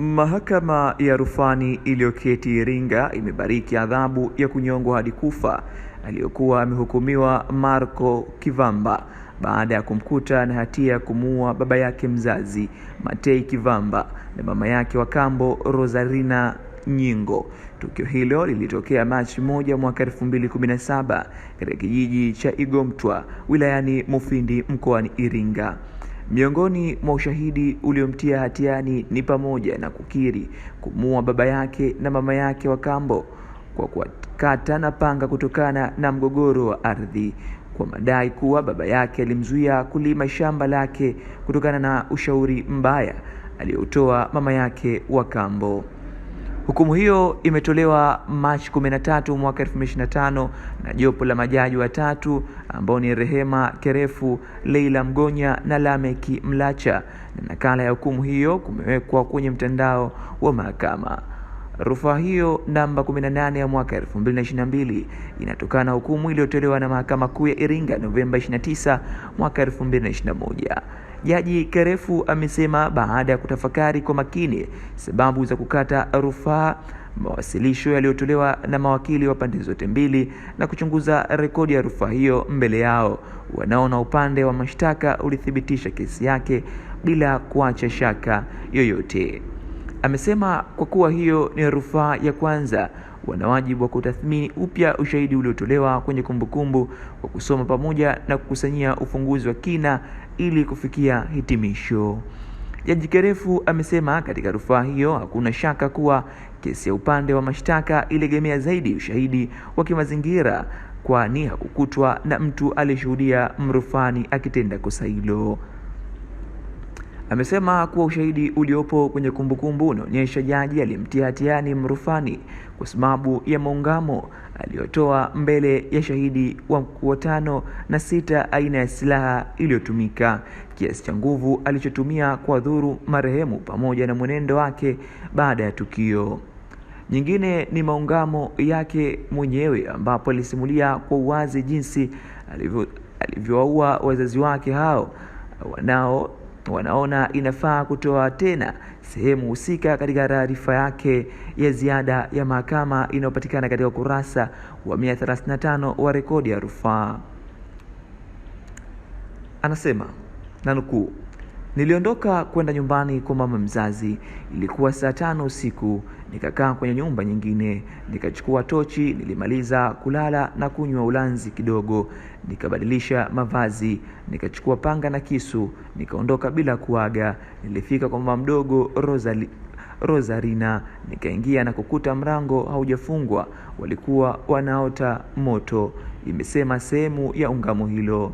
Mahakama ya rufani iliyoketi Iringa imebariki adhabu ya kunyongwa hadi kufa aliyokuwa amehukumiwa Marco Kivamba baada ya kumkuta na hatia ya kumuua baba yake mzazi Matei Kivamba na mama yake wa kambo Rosarina Nyingo. Tukio hilo lilitokea Machi moja mwaka 2017 katika kijiji cha Igomtwa wilayani Mufindi mkoani Iringa. Miongoni mwa ushahidi uliomtia hatiani ni pamoja na kukiri kumua baba yake na mama yake wa kambo kwa kuwakata na panga kutokana na mgogoro wa ardhi kwa madai kuwa baba yake alimzuia kulima shamba lake kutokana na ushauri mbaya aliotoa mama yake wa kambo. Hukumu hiyo imetolewa Machi 13 mwaka 2025 na jopo la majaji watatu ambao ni Rehema Kerefu, Leila Mgonya na Lameki Mlacha, na nakala ya hukumu hiyo kumewekwa kwenye mtandao wa mahakama. Rufaa hiyo namba 18 ya mwaka 2022 inatokana na hukumu iliyotolewa na Mahakama Kuu ya Iringa Novemba 29 mwaka 2021. Jaji Kerefu amesema baada ya kutafakari kwa makini sababu za kukata rufaa, mawasilisho yaliyotolewa na mawakili wa pande zote mbili na kuchunguza rekodi ya rufaa hiyo mbele yao, wanaona upande wa mashtaka ulithibitisha kesi yake bila kuacha shaka yoyote. Amesema kwa kuwa hiyo ni rufaa ya kwanza, wana wajibu wa kutathmini upya ushahidi uliotolewa kwenye kumbukumbu kwa kusoma pamoja na kukusanyia ufunguzi wa kina ili kufikia hitimisho. Jaji Kerefu amesema katika rufaa hiyo hakuna shaka kuwa kesi ya upande wa mashtaka iliegemea zaidi ushahidi wa kimazingira, kwani hakukutwa na mtu aliyeshuhudia mrufani akitenda kosa hilo amesema kuwa ushahidi uliopo kwenye kumbukumbu unaonyesha jaji alimtia hatiani mrufani kwa sababu ya maungamo aliyotoa mbele ya shahidi wa mkuu tano na sita aina ya silaha iliyotumika, kiasi cha nguvu alichotumia kwa dhuru marehemu pamoja na mwenendo wake baada ya tukio. Nyingine ni maungamo yake mwenyewe ambapo alisimulia kwa uwazi jinsi alivyowaua wazazi wake hao wanao wanaona inafaa kutoa tena sehemu husika katika taarifa yake ya ziada ya mahakama inayopatikana katika ukurasa wa 135 wa rekodi ya rufaa. Anasema na nukuu Niliondoka kwenda nyumbani kwa mama mzazi, ilikuwa saa tano usiku. Nikakaa kwenye nyumba nyingine, nikachukua tochi. Nilimaliza kulala na kunywa ulanzi kidogo, nikabadilisha mavazi, nikachukua panga na kisu, nikaondoka bila kuaga. Nilifika kwa mama mdogo Rosali, Rosarina, nikaingia na kukuta mrango haujafungwa, walikuwa wanaota moto, imesema sehemu ya ungamo hilo.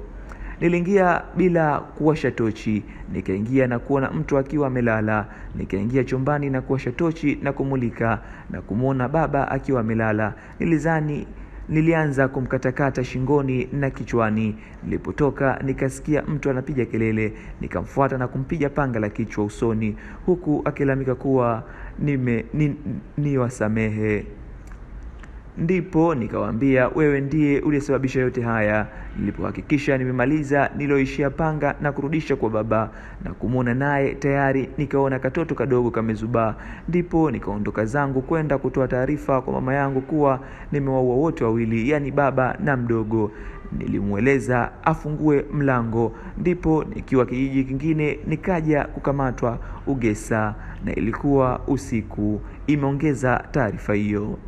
Niliingia bila kuwasha tochi, nikaingia na kuona mtu akiwa amelala. Nikaingia chumbani na kuwasha tochi na kumulika na kumwona baba akiwa amelala. Nilizani nilianza kumkatakata shingoni na kichwani. Nilipotoka nikasikia mtu anapiga kelele, nikamfuata na kumpiga panga la kichwa usoni, huku akilalamika kuwa nime ni, ni wasamehe. Ndipo nikawaambia wewe ndiye uliyesababisha yote haya. Nilipohakikisha nimemaliza niloishia panga na kurudisha kwa baba na kumwona naye tayari, nikaona katoto kadogo kamezubaa. Ndipo nikaondoka zangu kwenda kutoa taarifa kwa mama yangu kuwa nimewaua wote wawili, yani baba na mdogo. Nilimweleza afungue mlango. Ndipo nikiwa kijiji kingine nikaja kukamatwa Ugesa, na ilikuwa usiku, imeongeza taarifa hiyo.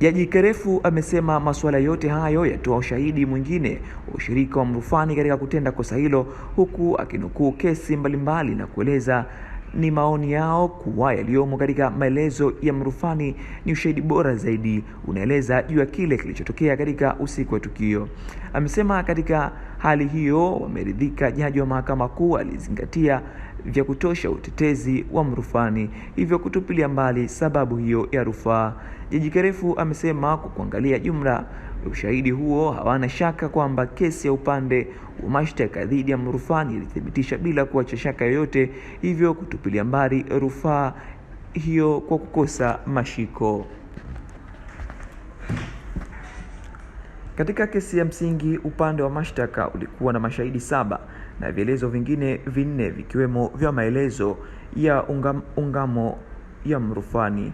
Jaji Kerefu amesema masuala yote hayo yatoa ushahidi mwingine wa ushirika wa Mrufani katika kutenda kosa hilo, huku akinukuu kesi mbalimbali na kueleza ni maoni yao kuwa yaliyomo katika maelezo ya Mrufani ni ushahidi bora zaidi unaeleza juu ya kile kilichotokea katika usiku wa tukio. Amesema katika hali hiyo wameridhika jaji wa mahakama kuu alizingatia vya kutosha utetezi wa mrufani, hivyo kutupilia mbali sababu hiyo ya rufaa. Jaji Kerefu amesema kwa kuangalia jumla ushahidi huo hawana shaka kwamba kesi ya upande wa mashtaka dhidi ya mrufani ilithibitisha bila kuacha shaka yoyote, hivyo kutupilia mbali rufaa hiyo kwa kukosa mashiko. Katika kesi ya msingi, upande wa mashtaka ulikuwa na mashahidi saba na vielezo vingine vinne vikiwemo vya maelezo ya ungam, ungamo ya mrufani.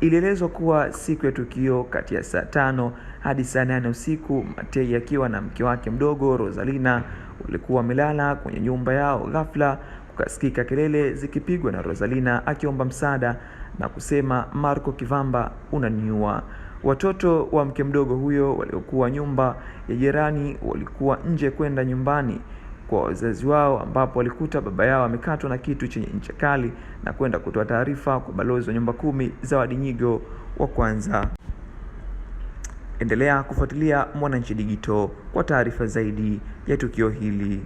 Ilielezwa kuwa siku ya tukio kati ya saa tano hadi saa nane usiku Matei akiwa na mke wake mdogo Rosalina walikuwa wamelala kwenye nyumba yao. Ghafla kukasikika kelele zikipigwa na Rosalina akiomba msaada na kusema, Marco Kivamba unaniua. Watoto wa mke mdogo huyo waliokuwa nyumba ya jirani walikuwa nje kwenda nyumbani kwa wazazi wao ambapo walikuta baba yao amekatwa na kitu chenye ncha kali na kwenda kutoa taarifa kwa balozi wa nyumba kumi za Wadinyigo wa kwanza. Endelea kufuatilia Mwananchi Digital kwa taarifa zaidi ya tukio hili.